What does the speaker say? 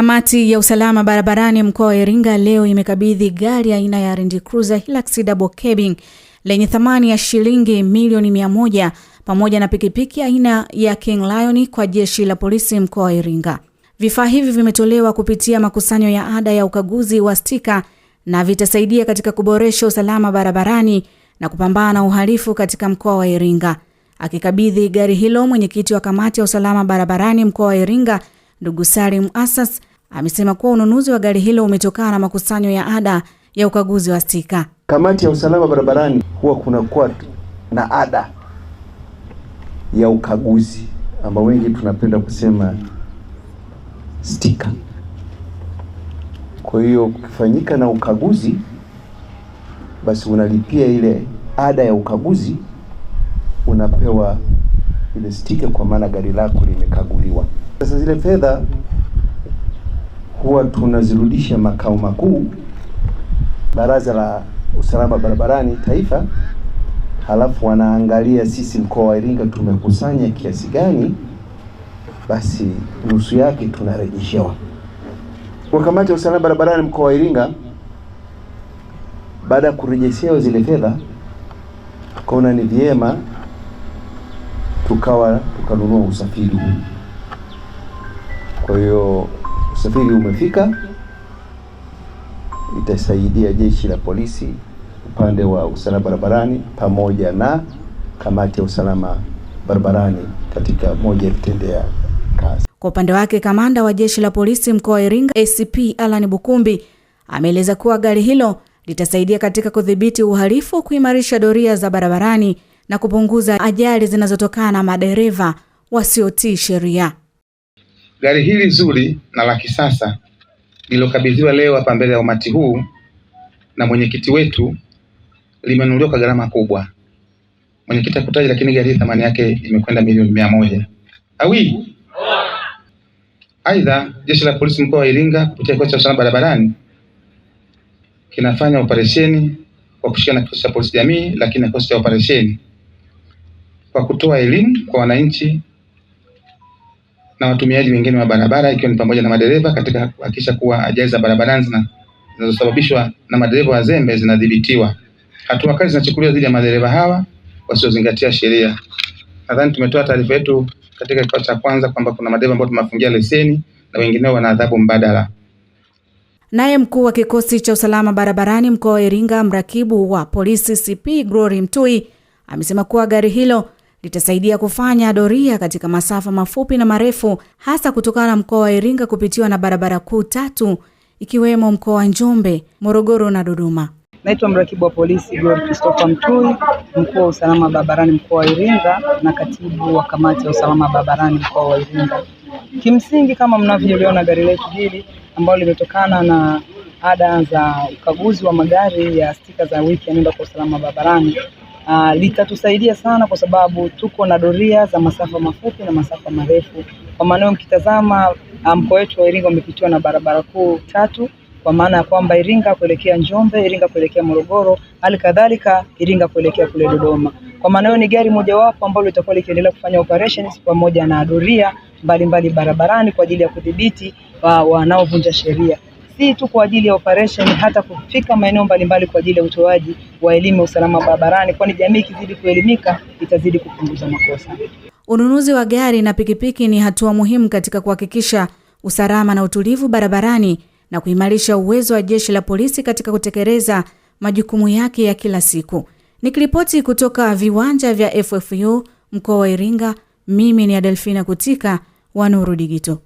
Kamati ya usalama barabarani mkoa wa Iringa leo imekabidhi gari aina ya Land Cruiser Hilux double cabin lenye thamani ya shilingi milioni mia moja pamoja na pikipiki aina ya King Lion kwa jeshi la polisi mkoa wa Iringa. Vifaa hivi vimetolewa kupitia makusanyo ya ada ya ukaguzi wa stika na vitasaidia katika kuboresha usalama barabarani na kupambana na uhalifu katika mkoa wa Iringa. Akikabidhi gari hilo, mwenyekiti wa kamati ya usalama barabarani mkoa wa Iringa ndugu Salim Asas amesema kuwa ununuzi wa gari hilo umetokana na makusanyo ya ada ya ukaguzi wa stika. Kamati ya usalama barabarani huwa kunakuwa na ada ya ukaguzi ambao wengi tunapenda kusema stika. Kwa hiyo ukifanyika na ukaguzi, basi unalipia ile ada ya ukaguzi, unapewa ile stika, kwa maana gari lako limekaguliwa. Sasa zile fedha huwa tunazirudisha makao makuu, Baraza la Usalama Barabarani Taifa, halafu wanaangalia sisi mkoa wa Iringa tumekusanya kiasi gani, basi nusu yake tunarejeshewa kwa kamati ya usalama barabarani mkoa wa Iringa. Baada ya kurejeshewa zile fedha, tukaona ni vyema tukawa tukanunua usafiri. Kwa hiyo usafiri umefika, itasaidia jeshi la polisi upande wa usalama barabarani pamoja na kamati ya usalama barabarani katika moja ya vitendea kazi. Kwa upande wake, kamanda wa jeshi la polisi mkoa wa Iringa ACP Alan Bukumbi ameeleza kuwa gari hilo litasaidia katika kudhibiti uhalifu, kuimarisha doria za barabarani na kupunguza ajali zinazotokana na madereva wasiotii sheria. Gari hili zuri na la kisasa lililokabidhiwa leo hapa mbele ya umati huu na mwenyekiti wetu limenunuliwa kwa gharama kubwa. Mwenyekiti hakutaja, lakini gari hili thamani yake imekwenda milioni mia moja. Awi. Aidha, jeshi la polisi mkoa wa Iringa kupitia kikosi cha usalama barabarani kinafanya operesheni kwa kushia na kikosi cha polisi jamii, lakini na kikosi cha operesheni kwa kutoa elimu kwa wananchi na watumiaji wengine wa barabara ikiwa ni pamoja na madereva katika kuhakikisha kuwa ajali za barabarani zinazosababishwa na madereva wazembe zinadhibitiwa. Hatua kali zinachukuliwa dhidi ya madereva hawa wasiozingatia sheria. Nadhani tumetoa taarifa yetu katika kikao cha kwanza kwamba kuna madereva ambao tumewafungia leseni na wengineo wana adhabu mbadala. Naye mkuu wa kikosi cha usalama barabarani mkoa wa Iringa, mrakibu wa polisi CP Glory Mtui amesema kuwa gari hilo litasaidia kufanya doria katika masafa mafupi na marefu, hasa kutokana na mkoa wa Iringa kupitiwa na barabara kuu tatu ikiwemo mkoa wa Njombe, Morogoro na Dodoma. Naitwa mrakibu wa polisi George Christopher Mtui, mkuu wa usalama barabarani mkoa wa Iringa na katibu wa kamati ya usalama barabarani mkoa wa Iringa. Kimsingi, kama mnavyoliona gari letu hili ambalo limetokana na ada za ukaguzi wa magari ya stika za wiki yanaenda kwa usalama barabarani, uh, litatusaidia sana kwa sababu tuko na doria za masafa mafupi na masafa marefu. Kwa maana mkitazama ah, mkoa wetu wa Iringa umepitiwa na barabara kuu tatu kwa maana ya kwamba Iringa kuelekea Njombe, Iringa kuelekea Morogoro, hali kadhalika Iringa kuelekea kule Dodoma. Kwa maana hiyo ni gari mojawapo ambalo litakuwa likiendelea kufanya operations pamoja na doria mbalimbali barabarani kwa ajili ya kudhibiti ah, wanaovunja sheria si tu kwa ajili ya operation, hata kufika maeneo mbalimbali kwa ajili ya utoaji wa elimu ya usalama barabarani, kwani jamii ikizidi kuelimika itazidi kupunguza makosa. Ununuzi wa gari na pikipiki ni hatua muhimu katika kuhakikisha usalama na utulivu barabarani na kuimarisha uwezo wa jeshi la polisi katika kutekeleza majukumu yake ya kila siku. Nikiripoti kutoka viwanja vya FFU mkoa wa Iringa, mimi ni Adelfina Kutika wa Nuru Digito.